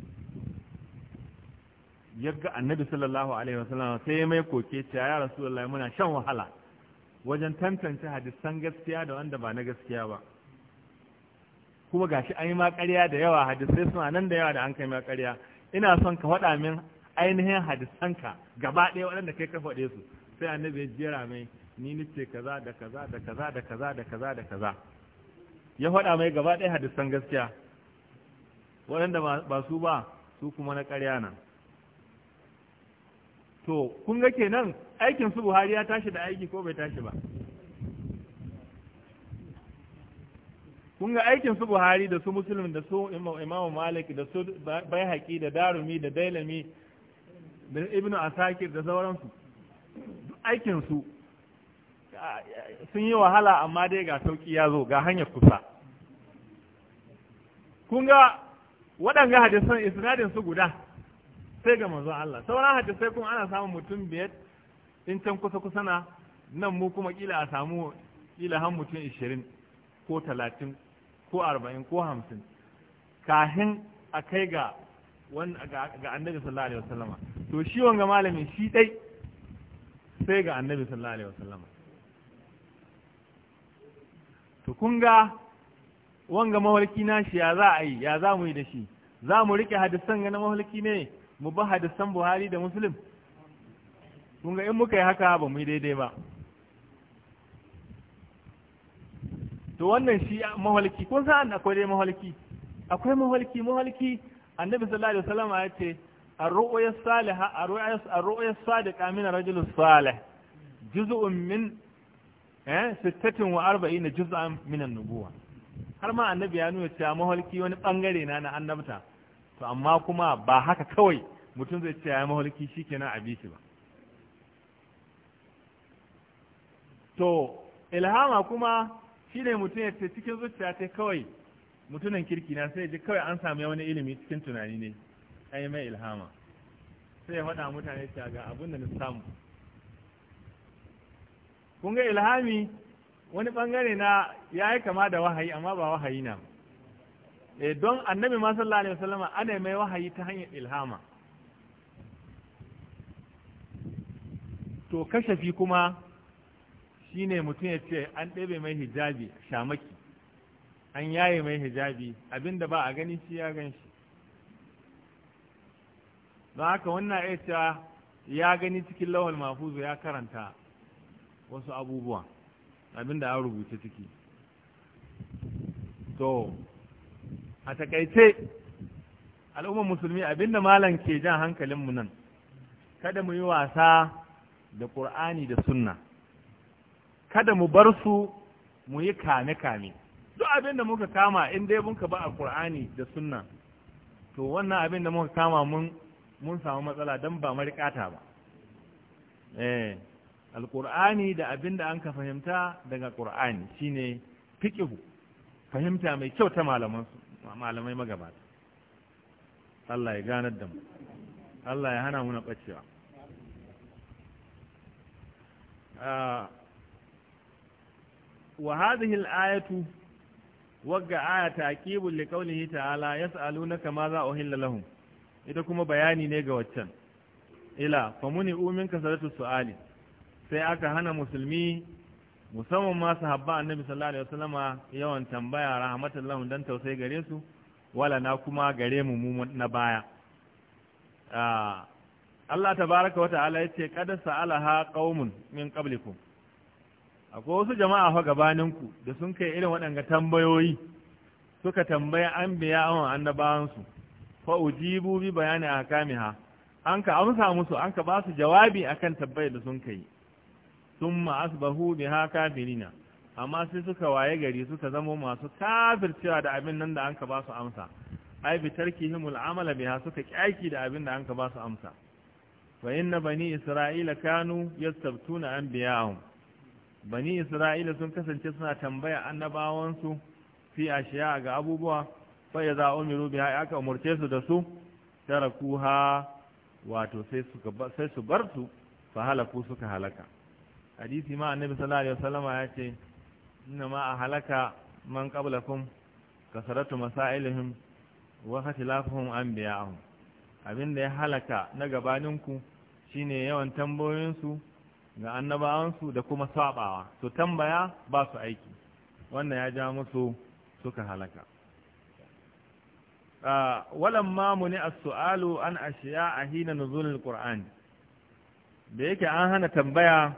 yaga annabi sallallahu alaihi wasallam sai ya mai koke cewa ya rasulullahi muna shan wahala wajen tantance hadisan gaskiya da wanda ba na gaskiya ba kuma gashi an yi ma ƙarya da yawa hadisai suna nan da yawa da an kai ma ƙarya ina son ka faɗa min ainihin hadisanka gaba ɗaya waɗanda kai ka faɗe su sai annabi ya jera mai ni nace kaza da kaza da kaza da kaza da kaza da kaza ya faɗa mai gaba ɗaya hadisan gaskiya waɗanda ba su ba su kuma na ƙarya nan to kun ga kenan aikin su buhari ya tashi da aiki ko bai tashi ba kun ga aikin su buhari da su Musulmi da su Imam malik da su baihaqi da darumi da dailami da ibnu asakir da sauransu aikin su sun yi wahala amma dai ga sauki ya zo ga hanyar kusa kun ga waɗanga hadisan isnadin su guda sai ga manzon Allah sauran sai kuma ana samun mutum biyar in can kusa kusa na nan mu kuma kila a samu kila har mutum 20 ko talatin ko arba'in ko hamsin kahin a kai ga ga annabi sallallahu alaihi wasallama to shi wanga malamin shi dai sai ga annabi sallallahu alaihi wasallama to kun ga wanga mawarki na shi ya za a yi ya za mu yi da shi za mu rike hadisan ga na mawarki ne mu ba hadisan buhari da muslim kun ga in muka yi haka ba mu yi daidai ba to wannan shi mahalki kun san akwai dai mahalki akwai mahalki mahalki annabi sallallahu alaihi wasallam ya ce ar-ru'ya salihah ar-ru'ya sadiqa min ar-rajul salih juz'un min eh 46 juz'an min an-nubuwah har ma annabi ya nuna cewa mahalki wani bangare na na annabta to amma kuma ba haka kawai mutum zai ce ya shi ke a abisi ba to ilhama kuma shi ne mutum ya ce cikin zuciya ta kawai mutunan kirki na sai ji kawai an sami wani ilimi cikin tunani ne yi mai ilhama sai ya faɗa mutane cewa ga abin da na samu kun ga ilhami wani bangare na ya yi kama da wahayi amma ba wahayi na ba. Eh, don annabi ma sallallahu alaihi ana mai wahayi ta hanyar ilhama to kashafi kuma shine mutum ya ce an ɗebe mai hijabi shamaki an yaye mai hijabi abinda ba a gani shi ya gan shi don haka wannan ya ya gani cikin lawal mafuzu ya karanta wasu abubuwa abinda an rubuta ciki to a takaice al'ummar musulmi abinda malam ke jan hankalin mu nan kada mu yi wasa da ƙur'ani da sunna kada mu bar su mu yi kame-kame duk abinda da muka kama in dai mun ka ba a ƙur'ani da sunna to wannan abin da muka kama mun mun samu matsala don ba marikata ba eh alƙur'ani da abinda da an ka fahimta daga ƙur'ani shine fiƙihu fahimta mai kyau ta malamansu malamai magabata Allah ya ganar da mu Allah ya hana muna ɓacewa ah, wa hadhihi al-ayatu wagga aya aqibul li ta'ala yas'alunaka ma za uhilla lahum ita kuma bayani ne ga waccan ila famuni umin kasaratu su'ali sai aka hana musulmi musamman ma habba annabi sallallahu alaihi wasallama yawan tambaya rahmatullahi dan tausayi gare su wala na kuma gare mu mu na baya ah, Allah ta tabaraka wata'ala yace qad sa'alaha qaumun min qablikum akwai wasu jama'a fa gabaninku da sun kai irin waɗanga tambayoyi suka tambaya an biya an annabawan su fa ujibu bi bayani akamiha an ka amsa musu an ka ba su jawabi akan tambayar da sun kai thumma asbahu biha kafirina amma sai suka waye gari suka zama masu kafircewa da abin nan da an ka ba su amsa ai bi tarkihimul amala biha suka kyaki da abin da an ka ba su amsa wa inna bani isra'ila kanu yastabtuna anbiya'um bani isra'ila sun kasance suna tambaya annabawansu fi ashiya ga abubuwa fa yaza umiru biha aka umurce su da su tarakuha wato sai suka sai su bar su fa halaku suka halaka hadisi ma annabi sallallahu alaihi wasallam ya ce inna ma a halaka man qablakum kasaratu masailihim wa ikhtilafuhum anbiya'ahum abinda ya halaka na ku shine yawan tambayoyinsu ga annabawansu da kuma sabawa to tambaya ba su aiki wannan ya ja musu suka halaka ma muni as-su'alu an ashiya a hina nuzulul qur'an da yake an hana tambaya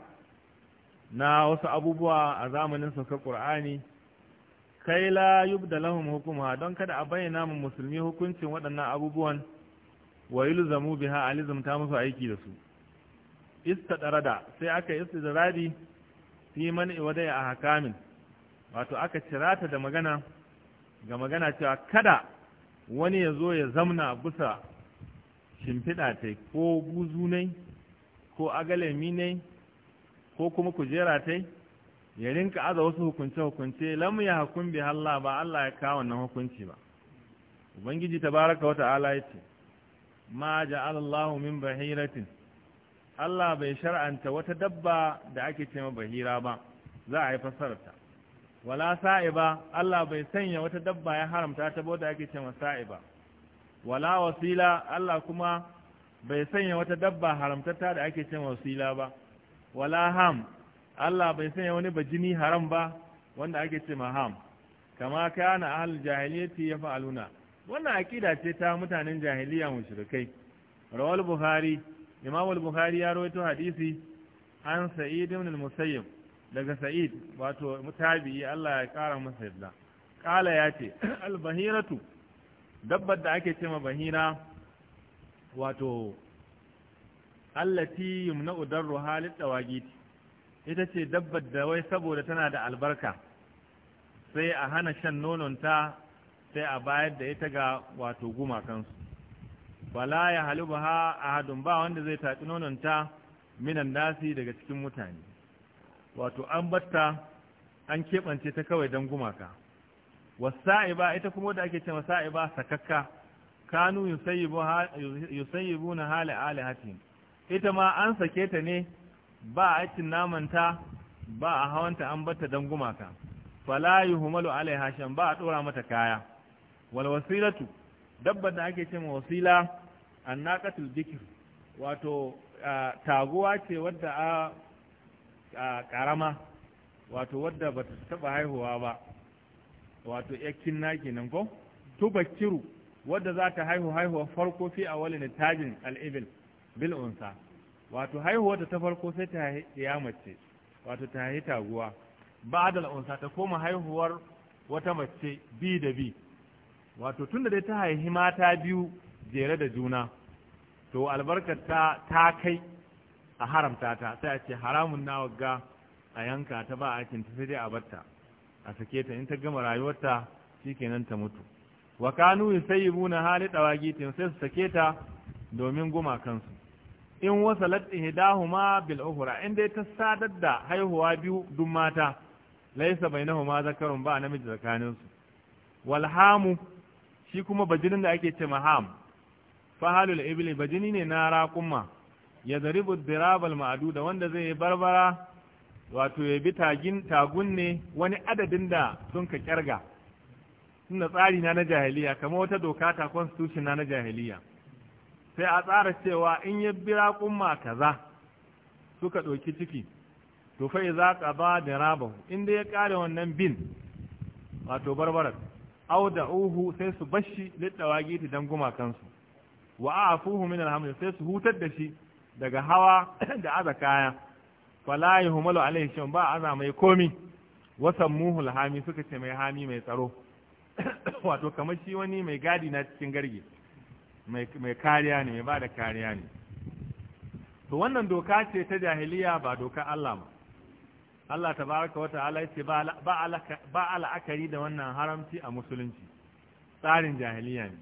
na wasu abubuwa a zamanin ka ƙur'ani kai la yubda lahum hukuma don kada a bayyana mu musulmi hukuncin waɗannan abubuwan wa yulzamu biha ta musu aiki da su istadarada sai aka istidradi fi man iwadai a hakamin wato aka cirata da magana ga magana cewa kada wani ya zo ya zamna bisa shimfiɗa ta ko buzu ne ko agalemi ne ko kuma kujera tai ya rinka aza wasu hukunce-hukunce lam ya hakun bi Allah ba Allah ya kawo wannan hukunci ba ubangiji tabaraka wa ta'ala yace ma ja'ala Allah min bahiratin Allah bai shar'anta wata dabba da ake cewa bahira ba za a yi fasarta wala sa'iba Allah bai sanya wata dabba ya haramta ta da ake cewa sa'iba wala wasila Allah kuma bai sanya wata dabba ta da ake cewa wasila ba wala ham Allah bai sanya wani bajini haram ba wanda ake ce ma ham kama kana ahlul jahiliyyati yaf'aluna wannan aƙida ce ta mutanen jahiliya mushrikai rawal buhari imam al-bukhari ya rawaito hadisi an sa'id ibn al-musayyib daga sa'id wato mutabi Allah ya kara masa yadda kala ya ce al-bahiratu dabbar da ake ce ma bahira wato allati yumna'u darruha lidawagit ita ce dabbar da wai saboda tana da albarka sai a hana shan ta sai a bayar da ita ga wato gumakansu bala ya halubaha ahadun ba wanda zai tafi nononta minan nasi daga cikin mutane wato an batta an keɓance ta kawai dan gumaka wasa'iba ita kuma da ake cewa sa'iba sakakka kanu yusayyibu na hali alihatihim ita ma an sake ta ne ba a cin namanta ba a hawanta an bata don gumaka fala yuhmalu alaiha shan ba a dora mata kaya wal wasilatu dabbar da ake cewa wasila an annaqatul bikr wato taguwa ce wadda a karama wato wadda ba ta taba haihuwa ba wato yakin naki nan ko tubakiru wadda za ta haihu haihuwa farko fi awalin tajin al-ibil bil unsa wato haihuwa ta farko sai ta ya mace wato ta haihi taguwa ba al unsa ta koma haihuwar wata mace bi da bi wato tunda dai ta haihi mata biyu jere da juna to albarkar ta ta kai a haramta ta sai a ce haramun na wagga a yanka ta ba a ta sai dai a batta a sake ta in ta gama rayuwarta shikenan ta mutu wa kanu yusayyibuna hali dawagitin sai su sake ta domin kansu. in wasalat ihdahuma bil ukhra in dai ta sadar da haihuwa biyu dun mata laysa bainahuma zakarun ba namiji tsakanin su wal hamu shi kuma bajinin da ake ce maham fahalul ibli bajini ne na raqumma ya zaribu dirabal ma'duda wanda zai yi barbara wato ya bi tagin tagun ne wani adadin da sun ka kyarga tunda tsari na na jahiliya kamar wata doka ta constitution na na jahiliya sai a tsara cewa in ya bi raƙumma kaza suka ɗauki ciki to fa iza qada In inda ya kare wannan bin wato barbarar da uhu sai su bashi giti dan gumakansu wa afuhu min alhamd sai su hutar da shi daga hawa da aza kaya fala yuhmalu alaihi ba aza mai komi wa sammuhu alhami suka ce mai hami mai tsaro wato kamar shi wani mai gadi na cikin gargi. mai kariya ne mai ba da kariya ne to wannan doka ce ta jahiliya ba dokar Allah ba Allah tabaraka wa ta'ala ce ba al'akari da wannan haramci a musulunci tsarin jahiliya ne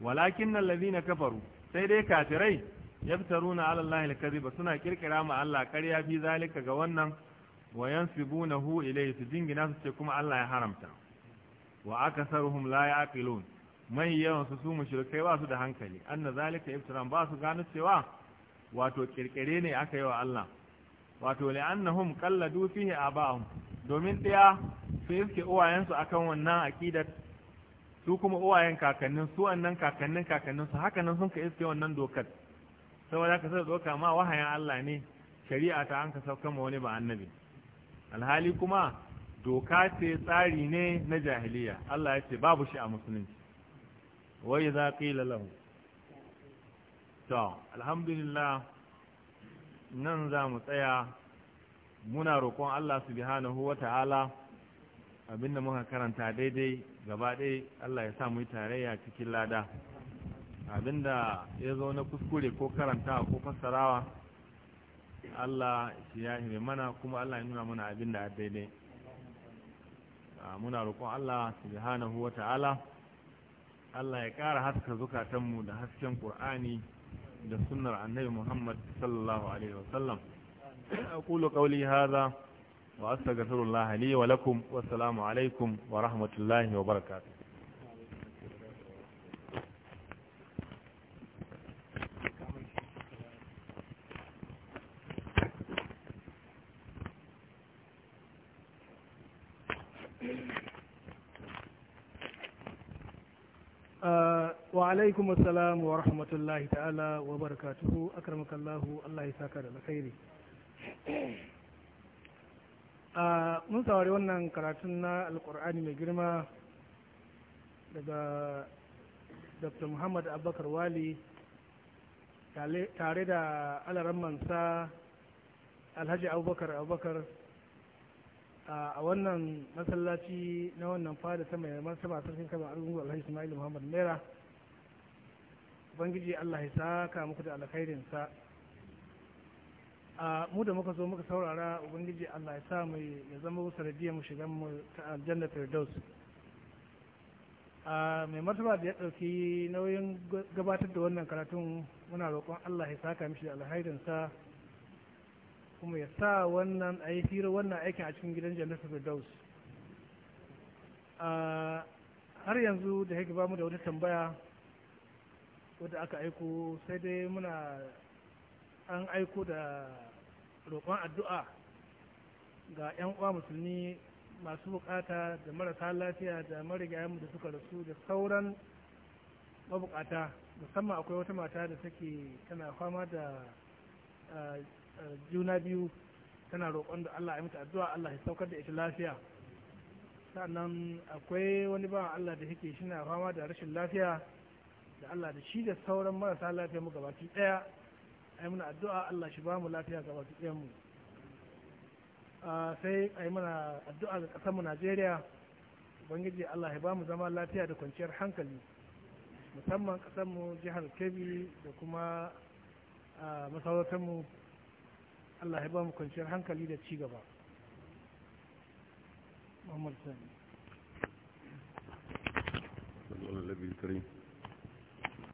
walakin na kafaru sai dai kafirai yaftaruna ala Allah al ba, suna kirkira ma Allah karya fi zalika ga wannan wa hu ilayhi su jingina su ce kuma Allah ya haramta wa aksaruhum la yaqilun mai yawan su su mushrikai ba su da hankali anna zalika iftiran ba su gano cewa wato kirkire ne aka yi wa Allah wato dufi qalladu fihi aba'ahum domin ɗaya su iske uwayensu akan wannan aqidat su kuma uwayen kakannin su annan kakannin kakannin su haka nan sun ka iske wannan dokar saboda ka sai doka ma wahayin Allah ne shari'a ta an ka sauka ma wani ba annabi alhali kuma doka ce tsari ne na jahiliya Allah ya ce babu shi a musulunci wai za ƙila lahu to alhamdulillah nan za mu tsaya muna roƙon Allah subhanahu huwa ta'ala abinda muka karanta daidai gaba ɗaya Allah ya sa mu yi tarayya cikin lada abinda ya zo na kuskure ko karanta ko fassarawa Allah shi ya hime mana kuma Allah ya nuna mana abinda daidai muna roƙon Allah subhanahu huwa ta'ala Allah ya ƙara haska zukatanmu da hasken ƙur'ani da sunnar annabi Muhammad sallallahu alaihi wasallam aqulu qawli hadha wa astaghfirullah li wa lakum wa assalamu alaikum wa rahmatullahi wa barakatuh alaikum assalam wa rahmatullahi ta'ala wa barakatuhu akramakallahu Allah ya saka da alkhairi a mun saurari wannan karatun na alkur'ani mai girma daga dr muhammad abubakar wali tare da mansa alhaji abubakar abubakar a wannan masallaci na wannan fada ta mai masu masu sun kama argungu alhaji ismail muhammad mera ubangiji Allah ya saka muku da alkhairinsa a mu da muka zo muka saurara ubangiji Allah ya sa mu ya zama sanadiyar mu shigan mu ta aljanna firdaus a mai martaba da ya ɗauki nauyin gabatar da wannan karatun muna roƙon Allah ya saka mishi da alkhairinsa kuma ya sa wannan a yi hira wannan aikin a cikin gidan jannatin firdaus har yanzu da yake ba mu da wata tambaya wadda aka aiko sai dai muna an aiko da roƙon addu'a ga 'yan uwa musulmi masu bukata da marasa lafiya da marigayenmu da suka rasu da sauran mabukata musamman akwai wata mata da take tana fama da juna biyu tana roƙon da Allah ya mata addu'a Allah ya saukar da ita lafiya sannan akwai wani ba Allah da yake shi na fama da rashin lafiya da Allah da shi da sauran marasa lafiya mu gabaki daya ai muna addu'a Allah shi ba mu lafiya gabaki ɗayan mu sai ai muna addu'a ga ƙasar mu Najeriya ubangiji Allah ya ba mu zama lafiya da kwanciyar hankali musamman ƙasar mu jihar Kebbi da kuma masarautar mu Allah ya ba mu kwanciyar hankali da ci gaba Muhammad Sani. الكريم